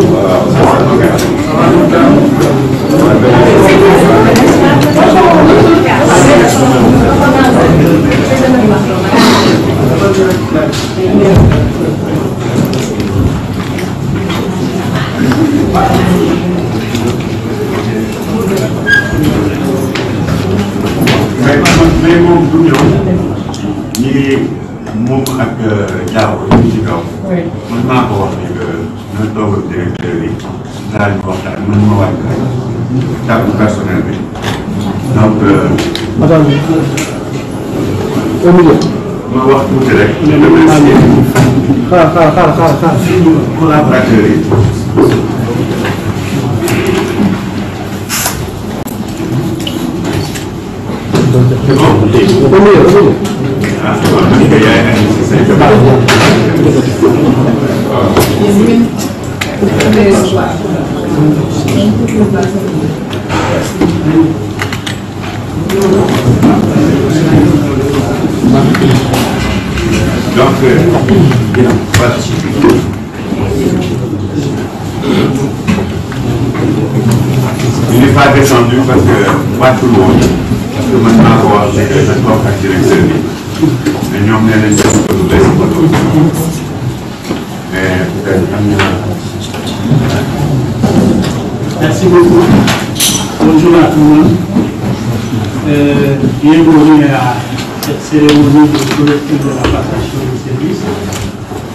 waaw au milieu. ma wax tuuti rek. remercier xaar xaar xaar xaar xaar suñu collaborateurs yi. Ah, donc bien voilà. il n'est pas descendu parce que pas tout le monde parce que mën ak directeur bi mais ñoom nee nañ def ko lu bees ba toog mais peut-être am na. merci beaucoup. bonjour à tout le monde. Euh, bienvenue à cette cérémonie de couverture de la passation de service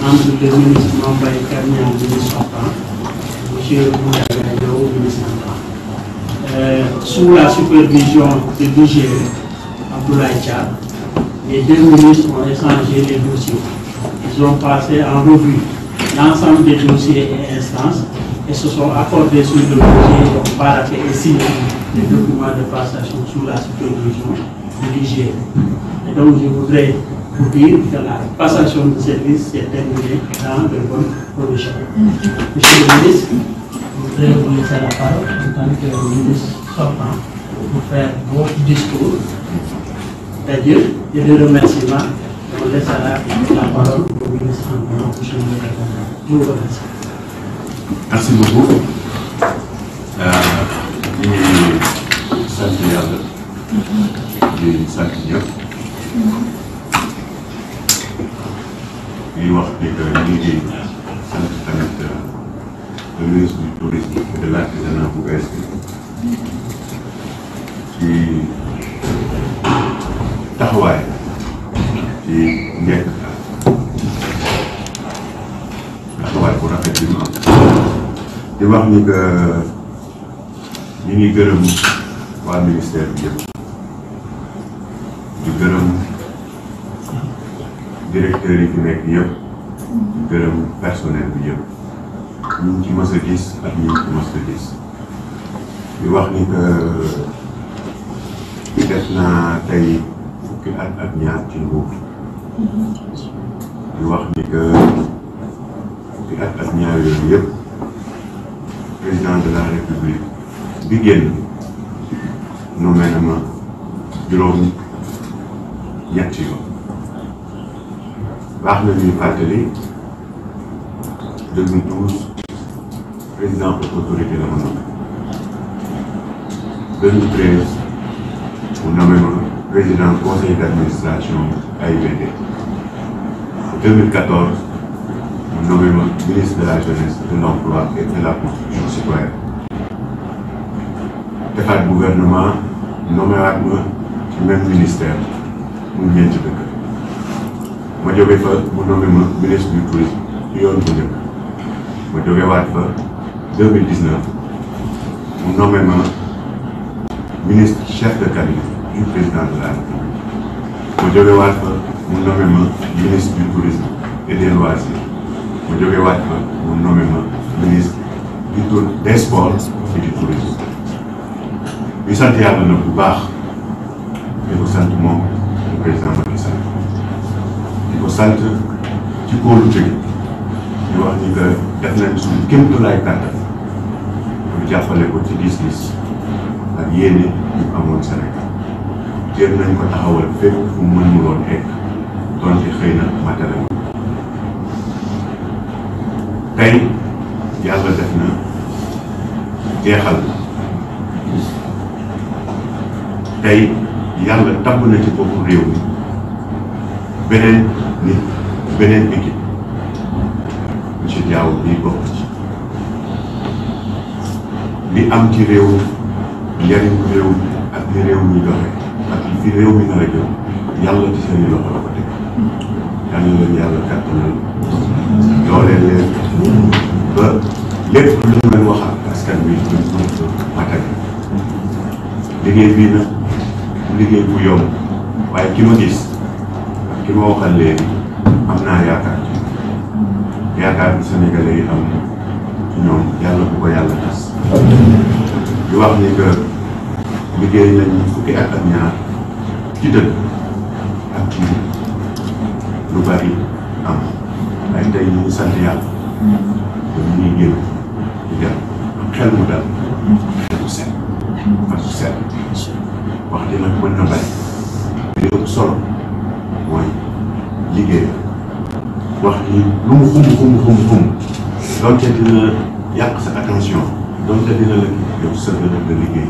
entre le ministre Mambaye Kagnan, ministre sortant, ministre euh, sous la supervision de DG Abdoulaye Tchad, les deux ministres ont échangé les dossiers. Ils ont passé en revue l'ensemble des dossiers et instances et se sont accordés sur le dossier, donc paraphé et signé le document de supervision religieux. Et donc je voudrais vous dire que la passation de service s'est terminée dans de bonnes conditions. Monsieur le ministre, je voudrais vous laisser la parole en tant que ministre sortant pour faire votre discours c'est-à-dire et de remerciements. On laissera la parole au ministre en nom. Je vous remercie. Merci beaucoup. di sant ñëpp di wax ni que ngi sant tamit euh, le ministre du tourisme et de l'artisanat bu bees bi ci taxawaay ci njëkk taxawaay bu rafet bi mu am di wax ni que euh, ñu ngi gërëm waa bi yëpp gërëm directeurs yi fi nekk yëpp gërëm personnel bi yëpp ñu ci mës a ak ñu ci mës a gis wax ni que euh, def naa tey fukki at ak ñaar ci nguur di wax ni que fukki at ak ñaar yooyu yëpp président de la république bi génn nommé na ma juróom ñetti yoon baax na ñuy fàttali 2012 président de l'autorité la ma nommé 2013 mu nommé ma président conseil d'administration AIBD 2014 mu nommé ma ministre de la jeunesse de l'emploi et de la construction citoyenne defaat gouvernement nommé waat ma ci même ministère mu ñëwee ci dëkk ma jógee fa mu nommé ma ministre du tourisme ci yoon bu njëkk ma jógee waat fa mu nommé ma ministre chef de cabinet du président de la République mu nommé ma ministre du tourisme et des loisirs ma jógee mu nommé ma ministre du tour des sports et du tourisme ñu sant na bu baax di ko sant moom président Macky Sall di ko sant ci kóolu tëj di wax ni que def nañ suñu kéemtulaay kàttan pour jàppale ko ci gis-gis ak yéene ñu amoon Sénégal jéem nañ ko taxawal fépp fu mu mën mu doon egg donte xëy na matériel tey yàlla def na jeexal tey yàlla tàbb na ci bopp réew mi beneen nit beneen équipe monsieur Diaw bii bokk ci li am ci réew njariñ réew mi ak li réew mi doxe ak li réew mi nar a jëm yàlla ci seen i la ko teg yàlla leen yàlla kàttanal dooleel leen ba lépp lu ñu wax ak askan bi duñ ko matal liggéey bii nag liggéey bu yomb waaye ki ma gis ki ma waxal léegi am naa yaakaar yaakaar bi sénégalais yi am ñoom yàlla bu ko yàlla tas di wax ni liggéey nañu fukki at ak ñaar ci dëkk lu bari am ay ñu ngi yàlla ba ñu ngi génn xel mu dal xel mu set xel mu set wax dina mën na bari lépp solo mooy liggéey wax ni lu mu xum xum xum xum donte dina yàq sa attention donte dina la yow sën na nga liggéey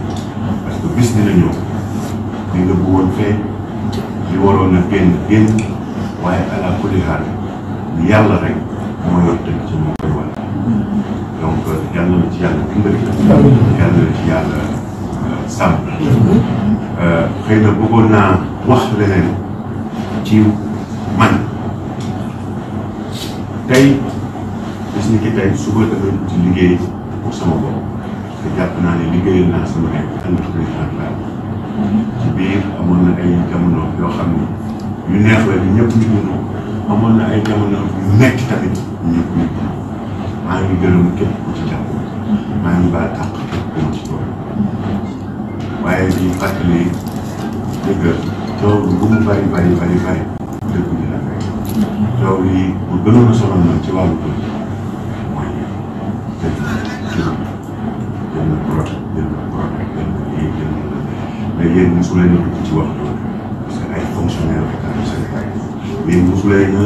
parce que bis dina ñëw li nga bëggoon fee li waroon a génn génn waaye ala kulli xaal yàlla rek moo yor tënk ci moo koy donc yàlla na ci yàlla dimbali euh, euh, xëy na bëggoon naa wax leneen ci man tey bis ni ki tey suba dama ci liggéey pour sama bopp te jàpp naa ne liggéeyal naa sama nekk ànd ak président la ci biir amoon na ay jamono yoo xam ne yu neex la ñu ñëpp ñu mënu amoon na ay jamono yu metti tamit ñu ñëpp ñu mënu maa ngi gërëm képp ku ci jàpp mhm. maa ngi baal àq képp ku ci boole mhm. waaye di fàttali coow lu mu bari bari bari bari dëkk bi la fekk coow li bu gënoon a sonal nag ci wàllu tool mooy jël na jël na projet jël na projet jël na lii jël na la mais yéen mosu leen a dugg ci wax loolu parce que ay fonctionnaire état du Sénégal yéen mosu leen a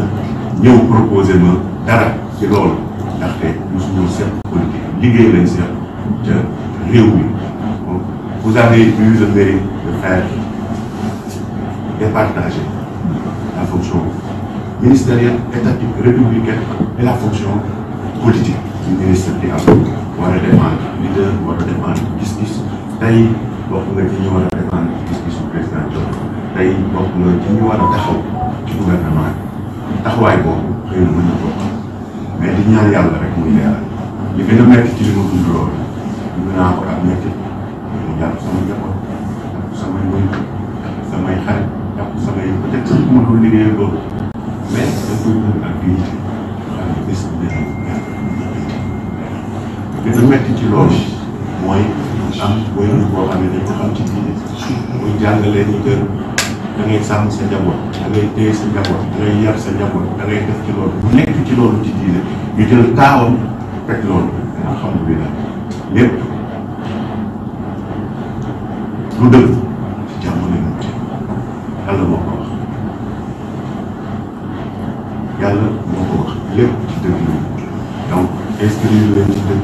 ñëw proposé ma dara ci loolu ndaxte mosu ñëw seq politique liggéey lañ seq ca réew mi donc vous avez eu le mérite de faire départager la fonction ministérielle, étatique, républicaine et la fonction politique du ministère bi am war a dépendre leader war a dépendre gis-gis tey bokk nga ci ñu war a dépendre gis-gisu président Diop tey bokk nga ci ñu war a taxaw ci gouvernement bi taxawaay boobu xëy na mën na bokk mais di ñaan yàlla rek muy leeral li gën a metti ci li ma dund loolu dund naa ko ak metti mu jàpp sama njaboot samay wëy samay donc soxla yi peut être mënul liggéeyal loolu mais da koy mën a appuyer ak bés bu nekk gën a métti ci loolu mooy am wéyal boo xam ne dañ ko xam ci biir muy jàngalee ñu gën da ngay sàmm sa njaboot da ngay téye sa njaboot da ngay yar sa njaboot da ngay def ci loolu bu nekk ci loolu ci diine ñu jël taawam fekk loolu alhamdulilah lépp lu dëgg yàlla moo ko wax lépp ci dëgg yi donc inscrire leen leen leen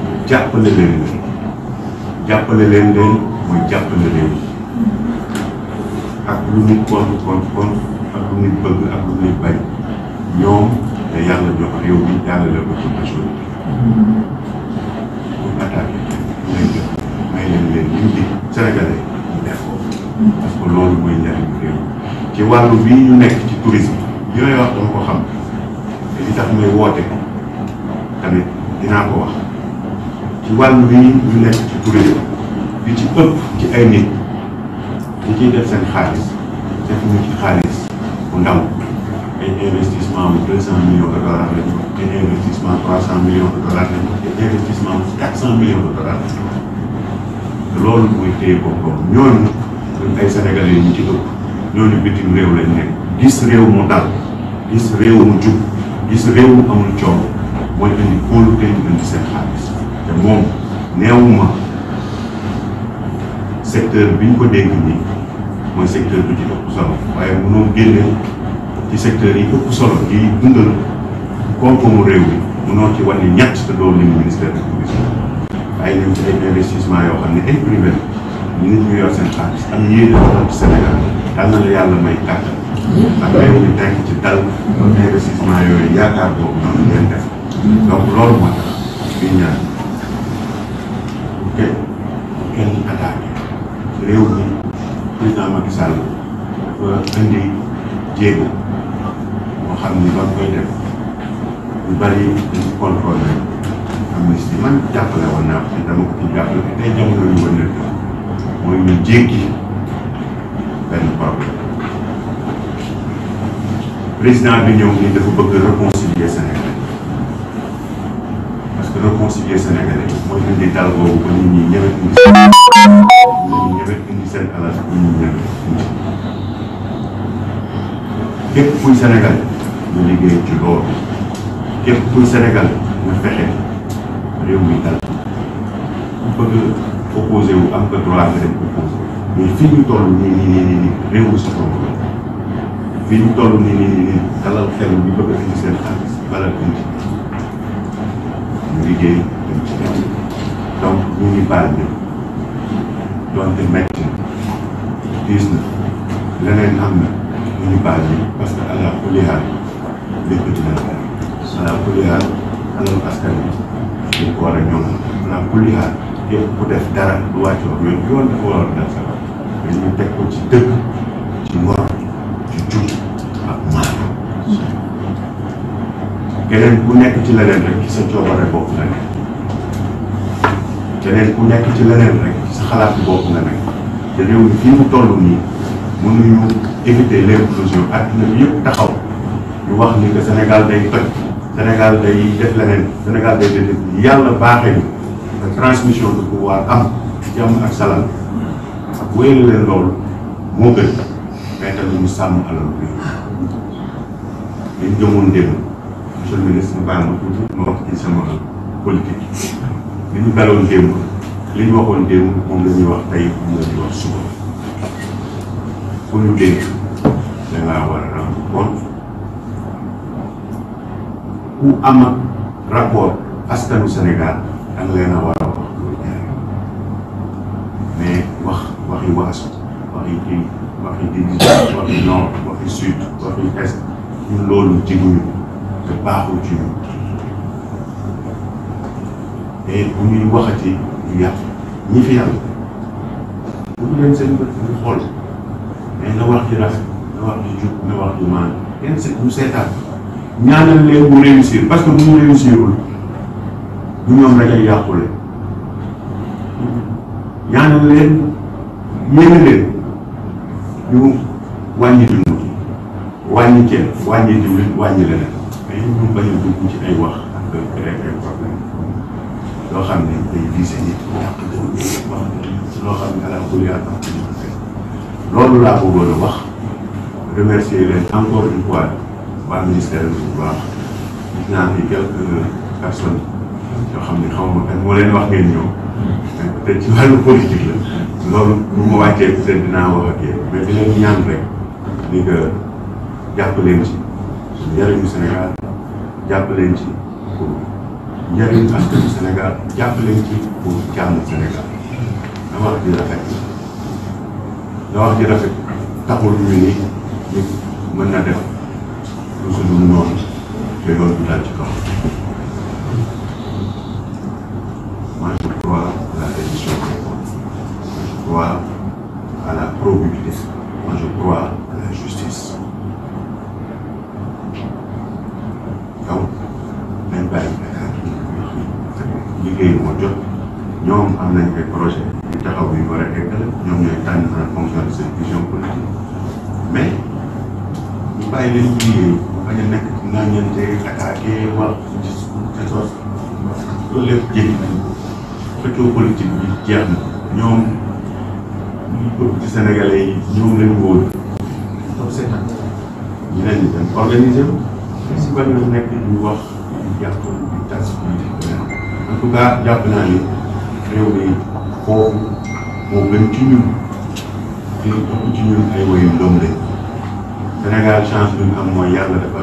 jàppale leen leen mooy jàppale leen ak lu nit kon kon kon ak lu nit bëgg ak lu nit bañ ñoom te yàlla jox réew mi yàlla la ko ci nation bi pour attaqué may leen leen ñu di sénégalais def ko parce que loolu mooy njariñu réew ci wàllu bii ñu nekk ci tourisme bi may wax ko xam te li tax may woote tamit dinaa ko wax ci wàllu bii ñu nekk ci tourisme bi ci ëpp nit ñi ciy def seen xaalis def ñu ci xaalis bu ndaw ay investissement bu deux cent millions de dollars lañ ko ay investissement trois cent millions de dollars lañ ko ay investissement bu quatre cent millions de dollars lañ ko loolu mooy téye koom-koom ñooñu ñun ay sénégalais yi ñu ci ëpp ñooñu bitim réew lañ nekk gis réew mu dal gis réew mu jub gis réew mu amul coono mooy indi kóolute ñu indi seen xaalis te moom neewuma secteur bi ñu ko dénk nii mooy secteur bi ci ëpp solo waaye mënoo génnee ci secteur yi ëpp solo yi dundal koom-koomu réew mi mënoo ci wàññi ñett te doo lim ministère de tourisme ay ñoom ci ay investissement yoo xam ne ay privé nit ñu yor seen xaalis am yéene defal Sénégal yàlla na yàlla may kàttan. ak may ñu nekk ci dal. donc investissement yooyu yaakaar boobu noonu ngeen def. donc loolu moo tax ñuy ñaan bu kenn bu kenn attaqué réew mi président Macky Sall dafa indi jéego moo xam ni ba koy def lu bari dañu contrôlé amnistie man jàppale woon naa ko ci dama ko ci jàppale te tey jamono yu wëndeel mooy ñu jéggi. benn problème président bi ñëw nii dafa bëgg réconcilier Sénégalais parce que réconcilier Sénégalais mooy indi dal boobu ba nit ñi ñëwet indi seen ñi ñëwet indi seen alal bu ñu ñëwet indi képp kuy Sénégal ñu liggéey ci loolu képp kuy Sénégal nga fexe réew mi dal ku bëgg opposé wu am nga droit nga dem opposé mais fii ñu toll nii nii nii nii nii réew mi si tool fii ñu toll nii nii nii nii dalal xel ñu bëgg a indi seen xaalis balal indi ñu liggéey dem ci ñoom donc ñu ngi baal ñëpp donte métti diis na leneen am na ñu ngi baal ñëpp parce que allah kulli aar lépp dina la bari allah kulli aar alal askan wi dañ ko war a ñoom allah kulli aar yëpp ku def dara du wàccoor yoon yoon dafa war a def mais ñu teg ko ci dëgg ci ngor ci jub keneen ku nekk ci leneen rek ci sa coobare bopp nga nekk keneen ku nekk ci leneen rek ci sa xalaat bopp nga nekk te réew mi fii mu toll nii mënuñu éviter l'éclosion àdduna bi yëpp taxaw ñu wax ni que Sénégal day toj Sénégal day def leneen Sénégal day def yàlla baaxee ni transmission de pouvoir am jàmm ak salaam wéyal leen loolu moo gën mais tamit ñu sàmm alal bi liñ jëmoon démb monsieur le ministre mu bàyyi ma tuuti ma wax ci sama politique li ñu daloon démb li ñu waxoon démb moom la ñuy wax tey moom la ñuy wax suba ku ñu dénk dangaa war a rendre compte ku am rapport askanu Sénégal danga leen a war waxi waasu waxi kii waxi division waxi nord waxi sud waxi est ñun loolu jiguñu te baaxul ci ñun et bu ñuy waxati ñu yàqu ñi fi yàqu bu ñu leen seen bët ñu xool mais na wax ji na wax ji jub na wax ji maan kenn si ñu seetaan ñaanal leen mu réussir parce que bu ñu réussirul du ñoom yéene leen ñu wàññi dund wàññi ceeb wàññi diwlin wàññi leneen mais ñu bañ a dugg ci ay wax ak ay problème loo xam ne day visé nit ñàkk gën loo xam ne ala kulli loolu laa bëggoon a wax remercier leen encore une fois waa ministère bu gis naa ni quelques personnes yoo xam ne xaw ma kan leen wax ngeen ñëw peut-être ci wàllu politique la loolu bu ma wàccee ci seen dinaa wax ak yéen mais di ñaan rek ni que jàpp leen ci njëriñu Sénégal jàpp leen ci pour njëriñu askanu Sénégal jàpp leen ci pour jàmm Sénégal dama wax ji rafet dama wax ji rafet nit mën na def lu su dul noonu te loolu du ci kaw pro-publicisme. Moi, je crois à la justice. donc nañ bàyyi Dakar ñu liggéey moo jot ñoom am nañ ay projet yu taxaw yu war a eggale ñoom ñooy tànn en fonction de seen vision politique mais ñu bàyyi leen ñu liggéey bañ a nekk ŋàññante attaqué wax ci sa sos loolu lépp jënd xëccoo politique bi jeex na ñoom. ñi bëgg ci sénégalais yi ñoom lañ wóor topp seen tànk ñu ne ñu dem organiser wu si bañ a nekk ñu wax yàq di tas politique en tout cas jàpp naa ni réew mi foofu moo gën ci ñun di ëpp ci ñun ay woyu doom lañ Sénégal chance bi ñu am mooy yàlla dafa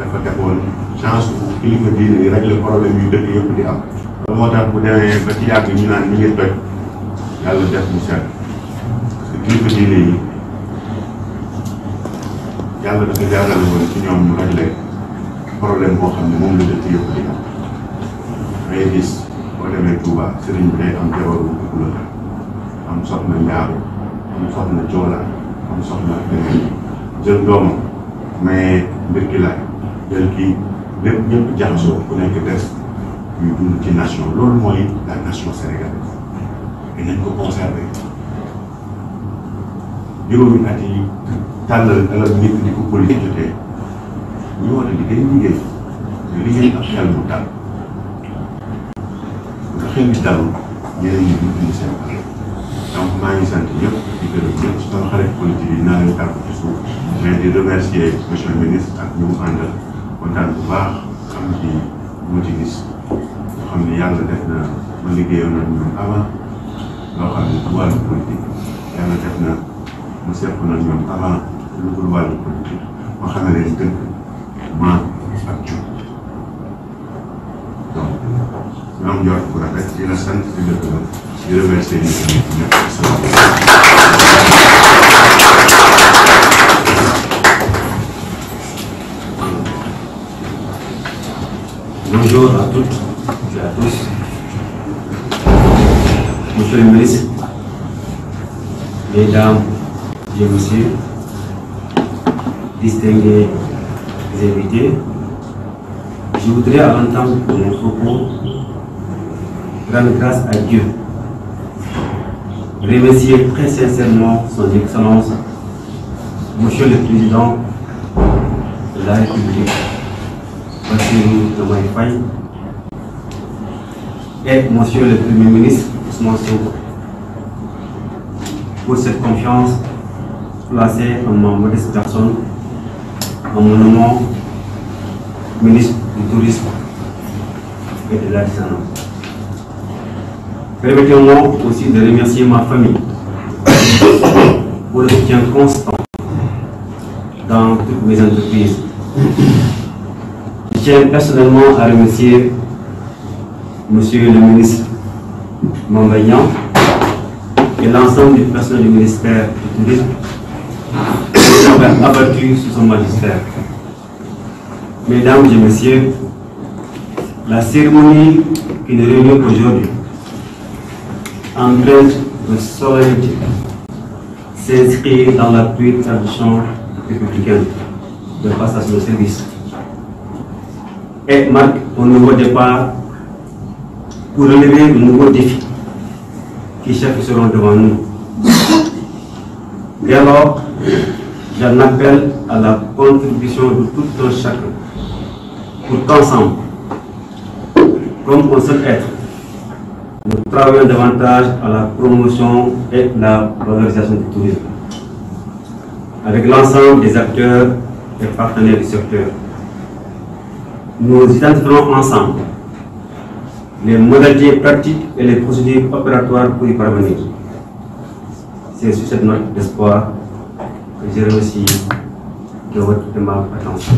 dafa defoon chance bu kilifa diine yi rek le problème yu dëkk yëpp di am. loolu moo tax bu demee ba ci yàgg ñu naan ñu ngi toj yàlla def mu set. kilifa diine yi yàlla dafa jaarale woon ci ñoom mu réglé problème boo xam ne moom la dëkk yëpp di am ngay gis boo demee Touba sëriñ bi day am jabaru dugub la am soxna njaaru am soxna joola am soxna beneen jël doomam mais mbir ki laaj jël kii lépp ñëpp jaxasoo ku nekk des ñu dund ci nation loolu mooy la nation sénégalaise dinañ ko conserver. juróomi at yi tàllal alal nit di ko politique jotee ñu war a liggéey liggéey liggéey ak xel bu dal nga xel bi dalul ñeneen ñi ñu indi seen alal maa ngi sant ñëpp di gërëm ñëpp sama xarit politique yi naa leen tàggu ci suuf mais di remercier monsieur ministre ak ñu mu àndal bu baax xam ci mu ci gis nga xam ne yàlla def na ma liggéeyoon nañ ñun avant loo xam ne wàllu politique yàlla def na mu seqal ak ñoom avant lu dul wàllu politique ma xam ne leen dëkk maam ak jub donc ñoom ñoo ko rafet di la sant di la gërëm di remercier ñi tamit ñëpp je vous suis distingués invités. Je voudrais, avant temps pour propos, rendre grâce à Dieu, remercier très sincèrement Son Excellence, Monsieur le Président la République, Bassirou Diomaye Faye, et Monsieur le Premier ministre pour cette confiance placé en ministre du Tourisme et de l'artisanat. Permettez-moi aussi de remercier ma famille pour le soutien constant dans toutes mes entreprises. Je tiens personnellement à remercier Monsieur le ministre Mame Mbaye l'ensemble du personnel du ministère du Tourisme abattu sous son magistère. Mesdames et messieurs, la cérémonie qui nous réunit aujourd'hui emprunte de solennité s'inscrit dans la pure tradition républicaine de passation de service et marque un nouveau départ pour relever de nouveaux défis qui s'afficheront devant nous. J'en appelle à la contribution de tout un chacun pour qu'ensemble, comme un seul être, nous travaillons davantage à la promotion et la valorisation du tourisme, avec l'ensemble des acteurs et partenaires du secteur. Nous identifierons ensemble les modalités pratiques et les procédures opératoires pour y parvenir. C'est sur cette note d'espoir que je remercie de votre demande attention.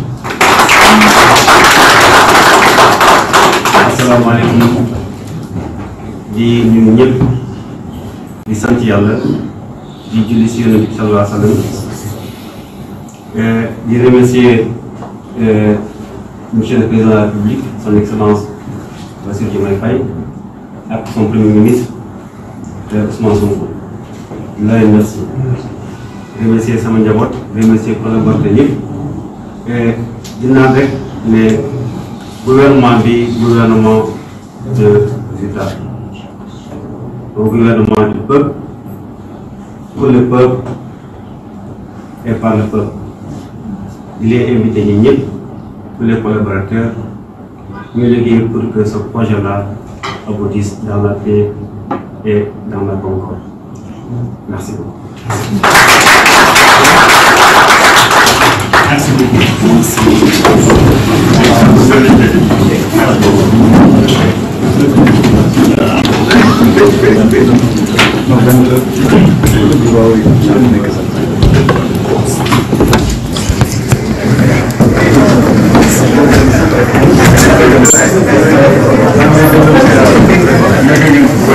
asalaamaaleykum di ñun ñëpp di sant yàlla di julli si yonent bi sallallahu alayhi wa sallam euh, di remercier euh, monsieur le président de la République son excellence Bassirou Diomaye Faye ak son premier ministre euh, Ousmane Sonko. lay merci. remercier sama njaboot remercier collaborateur yëpp eh, di naan rek gouvernement bi gouvernement de l'État au gouvernement du peuple pour le peuple et par le peuple di leen invité ñi ñëpp tous les collaborateurs ñu liggéey pour que ce projet là aboutisse dans la paix et dans la concorde Merci beaucoup. Merci. Thank you.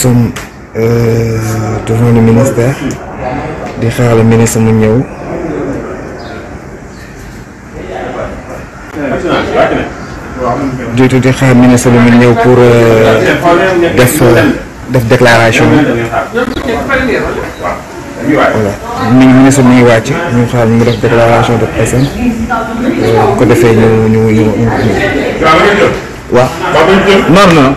sommes euh, devant le ministère di xaar ministre mu ñëw. surtout di xaar ministre bi pour euh, def euh, def déclaration voilà mi ministre mi wàcc ñu xaar mu def déclaration de personne bu ko defee ñu ñu ñu ñu waaw non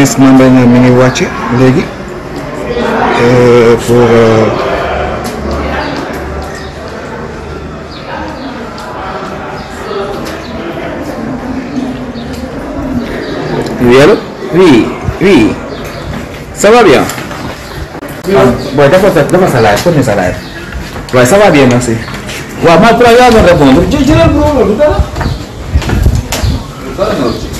ministre Mame Mbaye Niang mi ngi wàcc léegi euh, pour euh, oui allo oui oui ça va bien. ah booy dafa sa dafa sa laaj continué sa laaj. waaye ça va bien merci. waaw maa ngi koy yaa doon répondre jë jërëjëf loolu du dara.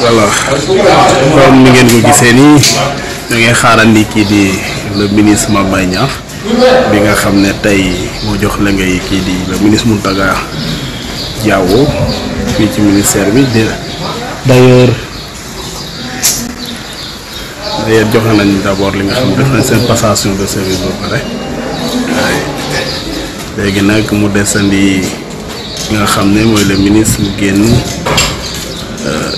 voilà comme ni ngeen ko gisee nii dangay ngi xaarandi kii di le ministre Mame Mbaye bi nga xam ne tey moo jox la ngay kii di le ministre Mountaga Diawo fii ci ministère bi d'ailleurs d'ailleurs jox nañ d'abord li nga xam ne def nañ seen passation de service ba pare waaye léegi nag mu desandi nga xam ne mooy le ministre mu génn. Euh,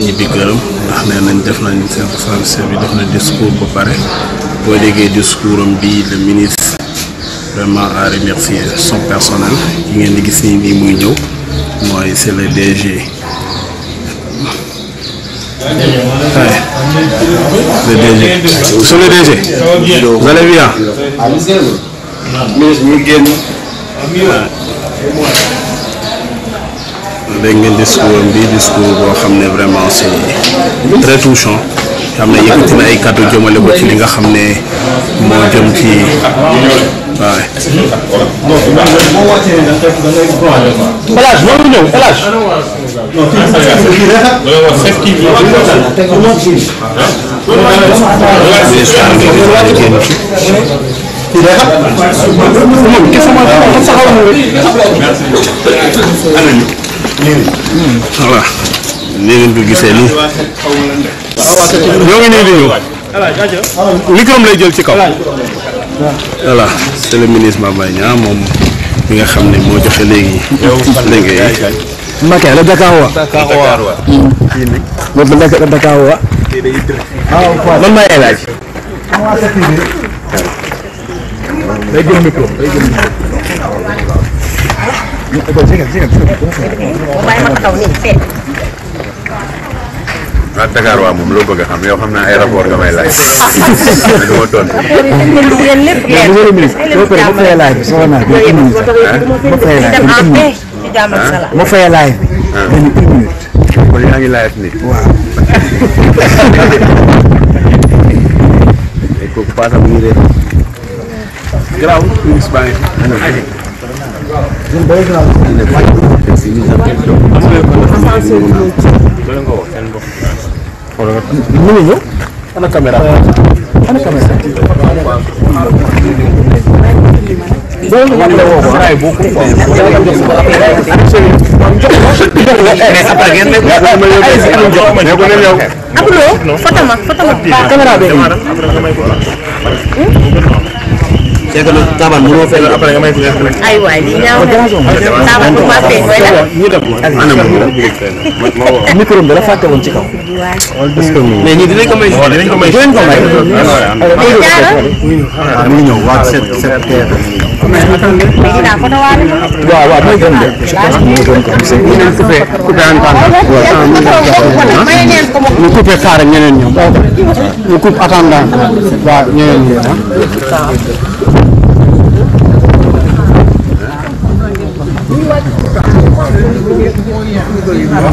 ñibbi këram ndax nee nañ def nañ seen service bi def na discours ba pare boo déggee discours am bii le ministre vraiment à remercier son personnel ki ngeen di gis nii nii muy ñëw mooy c'est le DG. le DG. sur le dégg ngeen discours am bi discours boo xam ne vraiment c'est très touchant xam ne yëkkati na ay kàddu jëmale ko ci li nga xam ne moo jëm ci waaye. El Hadj voilà nii ngeen ko gisee nii ñoo ngi nii di ñëw micro lay jël ci kaw voilà c'est le ministre moom mi nga xam ne moo joxe léegi ndenge yi Mbacké la Dakawa Dakawa moom la Dakawa ah, man may El Hadj day jël micro day waa Dakar waa moom loo bëgg a xam yow xam naa ay rapport nga may laaj. li ma tontu. ma fay laaj kon yaa ngi laaj nit. waaw. kooku paasam ngi réer. garaaw. baa ngi fi. ñu ngi ñëw. ana caméra ana caméra. loolu la woo ko raay ma. Fatama Fatama. caméra bi. c'est que nag taabaan mënoo feeñ. après nga may fi nekk rek. ay waay lii la fàtte woon ci kaw. mais ñii dinañ ko may. dinañ ko may dinañ ko may. mu ngi ñëw waa set set teer. waaw waaw mooy gën de. je pense que mooy gën comme ça. ñu naan coupé coupé en tant waaw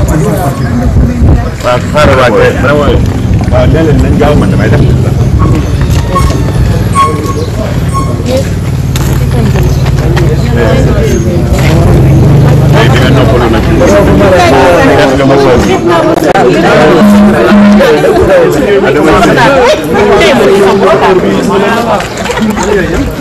xaaral waa kay waaw léeg-léeg nañ gaaw man damay def. tey di nga noppalu nag. des nga ma soog. ah damay.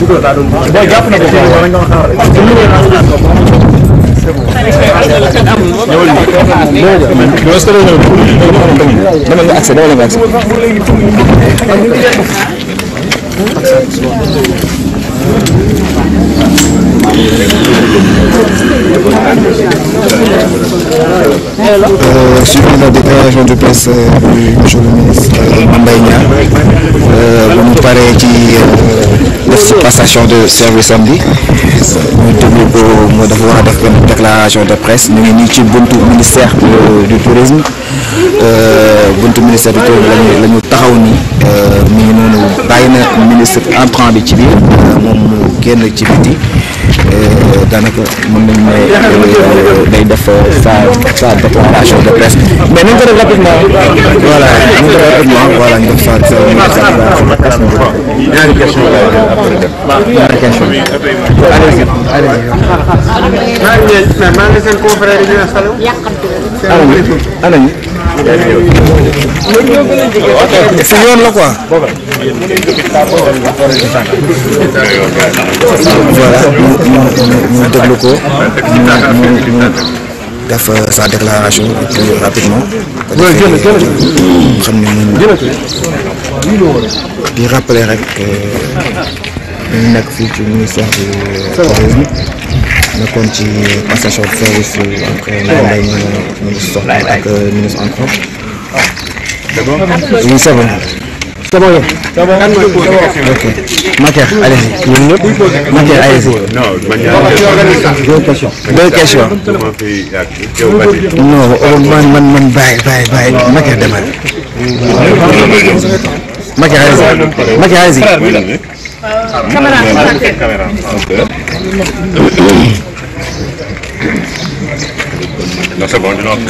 Shukran daa doon booy jàpp na ko booy nga xaar rek. dama nga accès dama nga accès. ak Euh, suivant la déclaration de presse euh, du ministre euh, Mame bu ñu paree ci def passation de service samedi ñu déglu ko mu dafa war a def benn déclaration de presse ñu ngi ci buntu ministère du tourisme euh, buntu ministère du tourisme lañu la ñu taxaw ni mi ngi noonu bàyyi na ministre entrant bi ci biir moom mu génn ci biti Euh, daanaka mën nañu ne euh, day def euh, sa sa déclaration de presse mais nañu ko def rapidement voilà nañu ko def rapidement voilà ñu def sa sa déclaration de presse ñaari question la ñaari question allez-y allez-y maa ngi seen confrère yi ñu installé si yoon la quoi. voilà ñu déglu ko ñu euh, sa déclaration plus rapidement. xam di rappeler rek ñu nekk fii ci ministère bi. nekkoon ci passation de service après Ndeye Mbaye ñu ngi soxla ak euh, ministre en trop. c'est bon oui c'est bon. c'est bon yow. c'est bon ok. Macaire allez-y ñun ñëpp Macaire allez-y. non man ñaareel deux questions. deux questions. non oh, man man man bàyyi bàyyi bàyyi Macaire demal. Macaire allez-y Macaire allez-y. caméra caméra. c'est bon dina wax.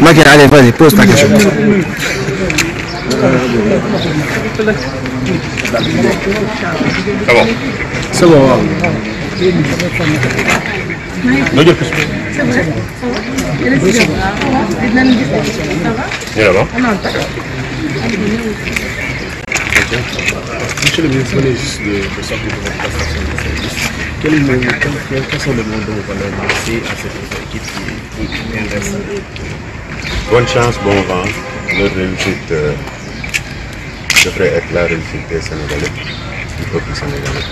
Maguette, allez, vas-y, pose ta question. C'est bon. C'est bon. noo jël couscous. ñu ne ma. monsieur le ministre, venez juste de de sortir de votre prestation de service. Quel est le quels sont les mots dont vous voulez lancer à cette équipe qui intéresse Bonne chance, bon vent. Notre réussite euh, devrait être la réussite des Sénégalais, du peuple sénégalais.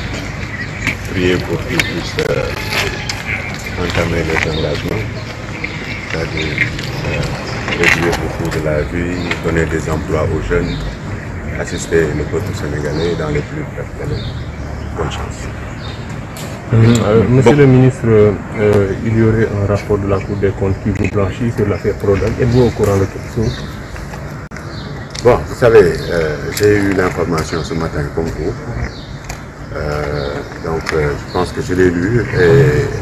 Priez pour qu'ils puissent euh, entamer les engagements, c'est-à-dire euh, de la vie, donner des emplois aux jeunes, assister le peuple dans les plus brefs délais. Bonne euh, monsieur le ministre, euh, il y aurait un rapport de la Cour des comptes qui vous blanchit sur l'affaire Prodac. Êtes-vous au courant de quelque chose? Euh, comme vous. Euh, donc je pense que je l'ai lu et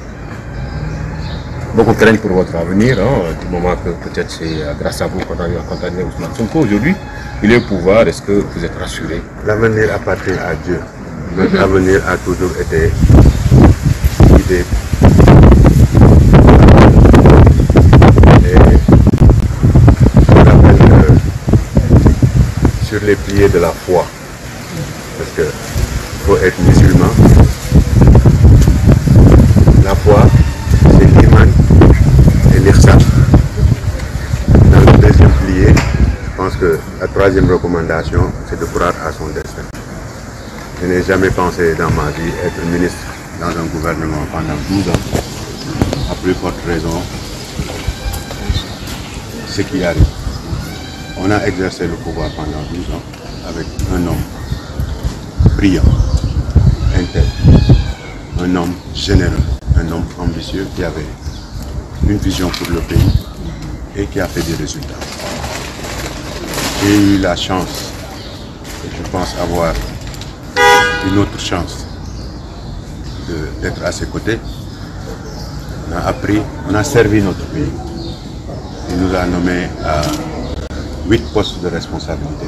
beaucoup craignent pour votre avenir, du moment que peut-être c'est euh, grâce à vous qu'on a eu à condamner Ousmane Sonko. Aujourd'hui, il est pouvoir, est-ce que vous êtes rassuré L'avenir appartient à Dieu. Notre mm-hmm. avenir a toujours été guidé. Euh, sur les pieds la foi. faut être musulman La troisième recommandation, c'est de croire à son destin. Je n'ai jamais pensé dans ma vie être ministre dans un gouvernement pendant 12 ans. À plus forte raison, ce qui arrive. On a exercé le pouvoir pendant 12 ans avec un homme brillant, intègre, un homme ambitieux qui avait une vision pour le pays et qui a fait des résultats. j'ai eu la chance, et je pense avoir une autre chance d'être à ses côtés. On a appris, on a servi notre pays. Il nous a nommés à huit postes de responsabilité.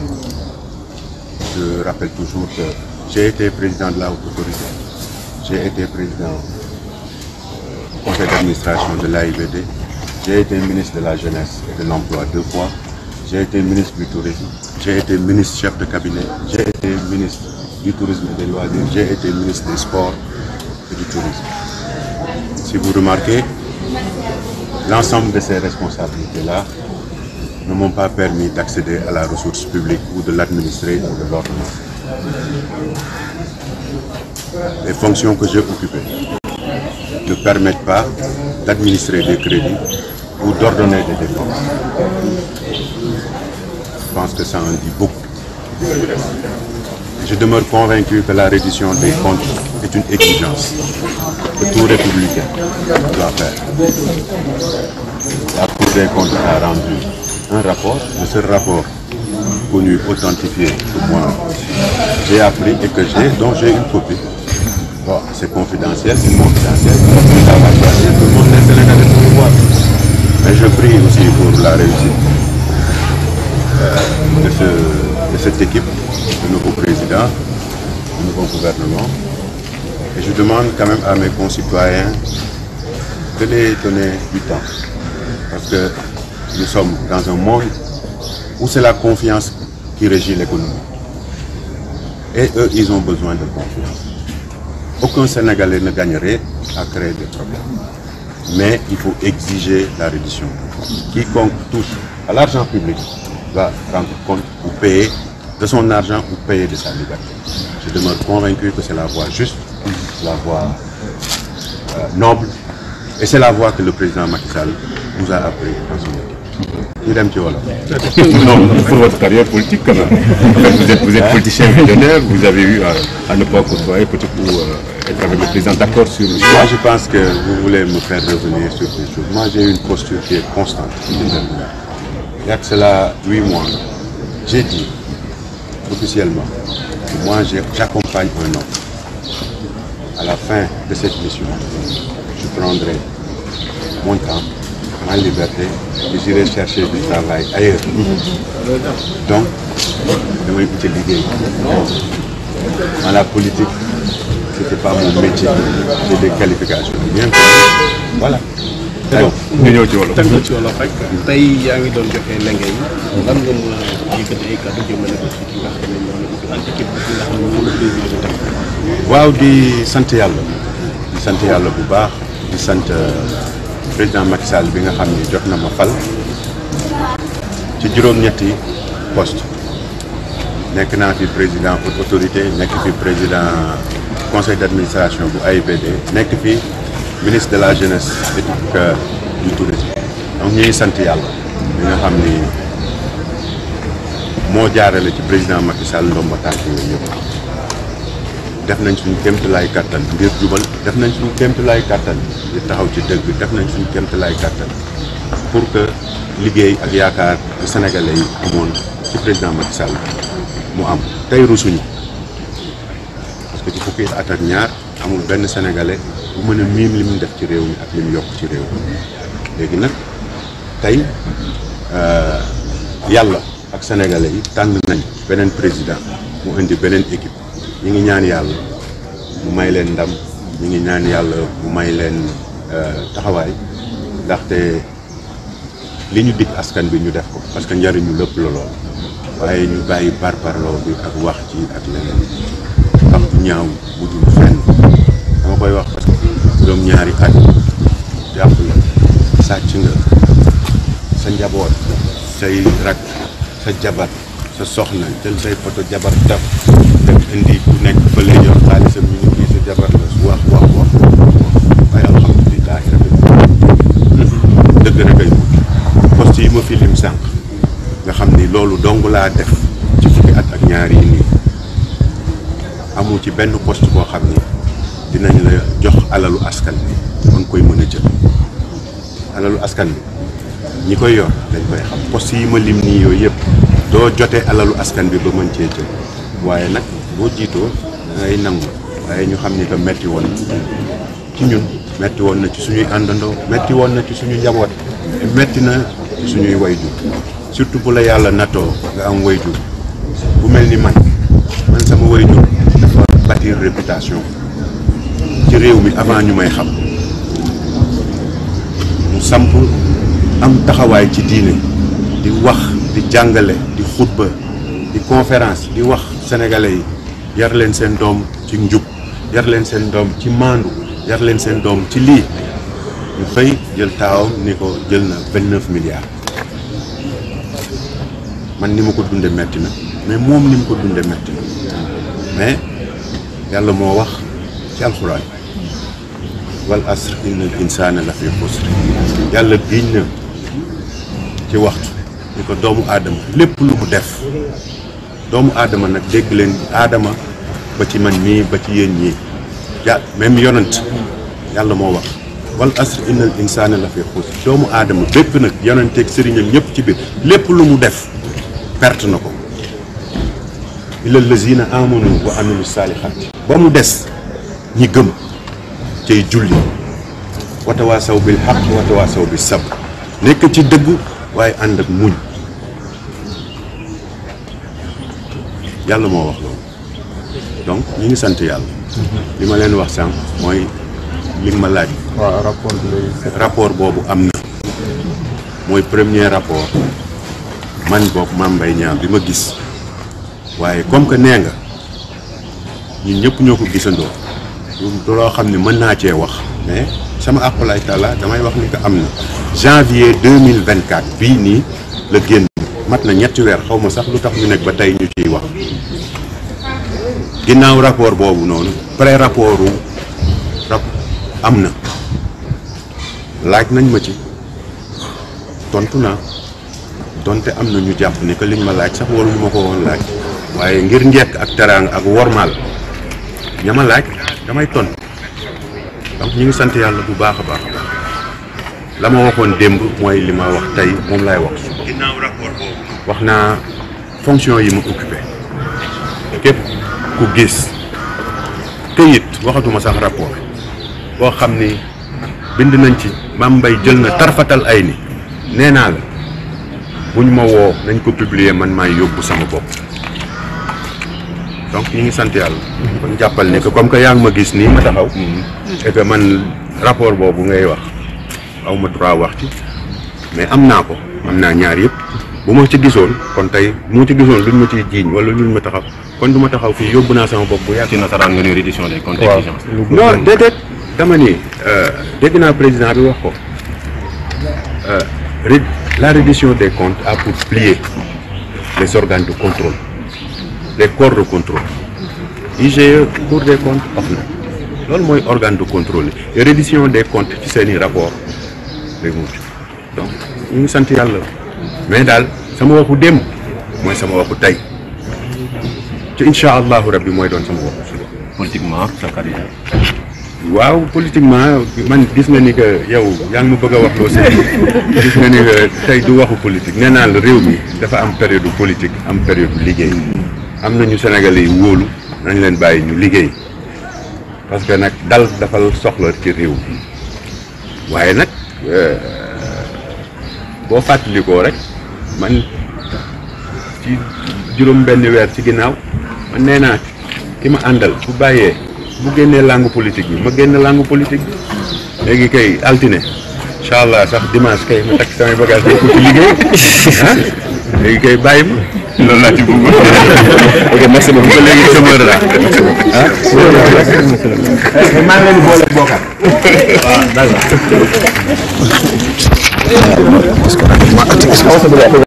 Je rappelle toujours que j'ai été président de la haute autorité, j'ai été président euh, du conseil d'administration de l'AIBD, j'ai été ministre de la jeunesse et de l'emploi deux fois. j'ai été ministre du tourisme j'ai été ministre chef de cabinet j'ai du tourisme des loisirs j'ai été ministre des sports et du tourisme si vous remarquez l'ensemble de ces responsabilités là ne m'ont pas permis d'accéder à la ressource publique ou de l'administrer ou de l'ordonner les fonctions que j'ai occupées ne permettent pas d'administrer des crédits ou d'ordonner des dépenses pense que ça en dit beaucoup. Je demeure convaincu que la reddition des comptes est une exigence que tout républicain doit faire. La Cour des comptes a rendu un rapport, le seul rapport connu, authentifié que moi j'ai appris que j'ai, dont j'ai une copie. c'est confidentiel, c'est confidentiel, tout le monde est sénégalais pour voir. Mais je prie aussi pour la réussite. Euh, de, ce, cette équipe, de nouveau président, de nouveau gouvernement. Et je demande quand même à mes concitoyens de les donner du temps. Parce que nous sommes dans un monde où c'est la confiance qui régit l'économie. Et eux, ils ont besoin de confiance. Aucun Sénégalais ne gagnerait à créer des problèmes. Mais il faut exiger la réduction. Quiconque touche à l'argent public va rendre compte ou payer de son argent ou payer de sa liberté. Je demeure convaincu que c'est la voie juste, la voie euh, noble, et c'est la voie que le président Macky Sall nous a appris dans son équipe. dem ci wolof. non pour votre carrière politique quand même. vous êtes vous êtes politicien millionnaire vous avez eu euh, à, ne pas côtoyer peut-être ou euh, président d'accord sur. Le... moi je pense que vous voulez me faire revenir sur ces choses j'ai une posture qui est constante. il y a cela huit mois j'ai dit officiellement que j'accompagne un homme à la fin de cette mission je prendrai mon temps ma liberté et j'irai chercher du travail ailleurs donc damay uti liggéey dans la politique c'était pas mon métier j'ai des qualifications bien voilà ñu ñëw ci wolof tënk ci wolof rek tey yaa ngi doon joxe lenge yi nga mën a yëkkati ay kàddu jëmale ko ci ki waaw di sant yàlla di sant yàlla bu baax di sant euh, président Macky Sall bi nga xam ni jot na ma fal ci juróom-ñetti poste nekk naa fi président autorité nekk fi président conseil d'administration bu AIBD nekk fi ministre de la jeunesse et euh, du tourisme donc ñu ngi sant yàlla li nga xam ni moo jaarale ci président Macky Sall ndomba tànk yooyu yëpp def nañ suñu kéemtalaay kàttan ngir jubal def nañ suñu kéemtalaay kàttan ngir taxaw ci dëgg def nañ suñu kéemtalaay kàttan pour que liggéey ak yaakaar bu sénégalais amoon ci président Macky mu am tey rusuñu parce que ci fukki at ñaar amul benn sénégalais bu mën a miim li mu def ci réew mi ak li mu yokk ci réew mi léegi nag tey euh, yàlla ak sénégalais yi tànn nañ beneen président mu indi beneen équipe ñi ngi ñaan yàlla mu may leen ndam ñi ngi ñaan yàlla mu may leen euh, taxawaay ndaxte li ñu dig askan bi ñu def ko parce que njariñu lépp la lool waaye ñu bàyyi parparloo bi ak wax ci ak leneen wax ju ñaaw bu dul fenn dama koy wax parce ñaari at jàpp sàcc nga sa njaboot say rak sa jabar sa soxna jël say poto jabar daf dem indi ku nekk fële yor xaalisam ñu ngi sa jabar la su wax dëgg rek ay mujj poste yi ma fi sànq nga xam ni loolu dong laa def ci fukki at ak ñaar nii amul ci benn poste boo xam ni dinañ la jox alalu askan bi man koy mën a jël alalu askan bi ñi koy yor dañ koy xam poste yi ma lim nii yooyu yëpp doo jotee alalu askan bi ba mën cee jël waaye nag boo jiitoo dangay nangu waaye ñu xam ni que metti woon na ci ñun metti woon na ci suñuy àndandoo metti woon na ci suñu njaboot metti na ci suñuy wayjur surtout bu la yàlla nattoo nga am wayjur bu mel ni man man sama wayjur dafa bâtir réputation ci réew mi avant ñu may xam mu samp am taxawaay ci diine di wax di jàngale di xutba di conférence di wax sénégalais yi yar leen seen doom ci njub yar leen seen doom ci maandu yar seen doom ci lii ñu xëy jël taawam ni ko jël na vingt neuf man ni ma ko dunde metti na mais moom ni mu ko dunde metti na mais yàlla moo wax ci alxuraan wal asr inna insaana la fi xusr yàlla giñ na ci waxtu ni ko doomu aadama lépp lu mu def doomu aadama nag dégg leen aadama ba ci man mii ba ci yéen ñi yàlla même yonant moo wax wal asr innal insaana la fi xusr doomu aadama bépp nag yonanteeg sëriñam ñëpp ci biir lépp lu mu def perte na ko illa lazina amanu wa amilu saalihaat ba mu des ñi gëm cay julli watawaasaw bil xaq watawaasaw bi sab nekk ci dëgg waaye ànd ak muñ yàlla moo wax loolu donc ñu ngi sant yàlla li ma leen wax sànq mooy li ma laaj rapport boobu am na mooy premier rapport man boog Mame ñaam bi ma gis waaye comme que nee nga ñun ñëpp ñoo ko gisandoo loo xam ne mën naa cee wax mais sama àqulaay taala damay wax ni am na janvier deux mille vingt quatre bii nii la génn mat na ñetti weer xaw ma sax lu tax ñu nekk ba tey ñu ciy wax ginnaaw rapport boobu noonu pré rapport wu rap am na laaj nañ ma ci tontu naa donte am na ñu jàpp ni liñ ma laaj sax waruñu ma ko woon laaj waaye ngir njekk ak teraanga ak wormaal ña ma laaj damay ton donc ñu ngi sant yàlla bu baax a baax a waxoon démb mooy li ma wax tey moom laay wax wax naa fonction yi ma occupé képp ku gis këyit waxatuma sax rapport boo xam ni bind nañ ci Mame Mbaye jël na tarfatal ay ni nee naa la bu ñu ma woo nañ ko publier man maay yóbbu sama bopp donc ñu ngi sant yàlla. kon jàppal ne que comme que yaa ngi ma gis nii ma taxaw. Mm-hmm. et man rapport boobu ngay wax aw ma trois wax ci mais am naa ko am naa ñaar yëpp bu ma ci gisoon kon tey bu ma ci gisoon luñ ma ciy jiiñ wala luñ ma taxaw kon du ma taxaw fii yóbbu naa sama bopp bu yàgg. ci nasaraan nga ne reddition des comptes exigence. non déedéet dama ni euh, dégg naa président bi wax ko euh, la reddition des comptes a pour plier les organes de contrôle. les corps de contrôle IGE Cour des comptes wax na loolu mooy organe de contrôle et des comptes ci seen i rapport day mujj donc ñu ngi sant yàlla mais daal sama waxu démb mooy sama waxu tey ci incha allahu bi mooy doon sama waxu suba politiquement sa carrière waaw politiquement man gis nga ni que yow yaa ngi bëgg a wax loo si gis nga ni que tey du waxu politique nee naa réew mi dafa am période politique am période liggéey am nañu Sénégalais yi wóolu nañ leen bàyyi ñu liggéey parce que nag dal dafa soxla ci réew mi waaye nag euh, boo fàttalikoo rek man ci juróom benn weer ci ginnaaw man nee naa ki ma àndal bu bàyyee bu génnee langue politique bi ma génn langue politique bi léegi kay altine incha allah sax dimanche kay ma takk samay bagage bokku ci liggéey ah, léegi kay bàyyi ma loolu laa ci bëgg. ok merci beaucoup ba léegi sa mën la. ah maa ngi leen di boole bokkal. waaw d'accord.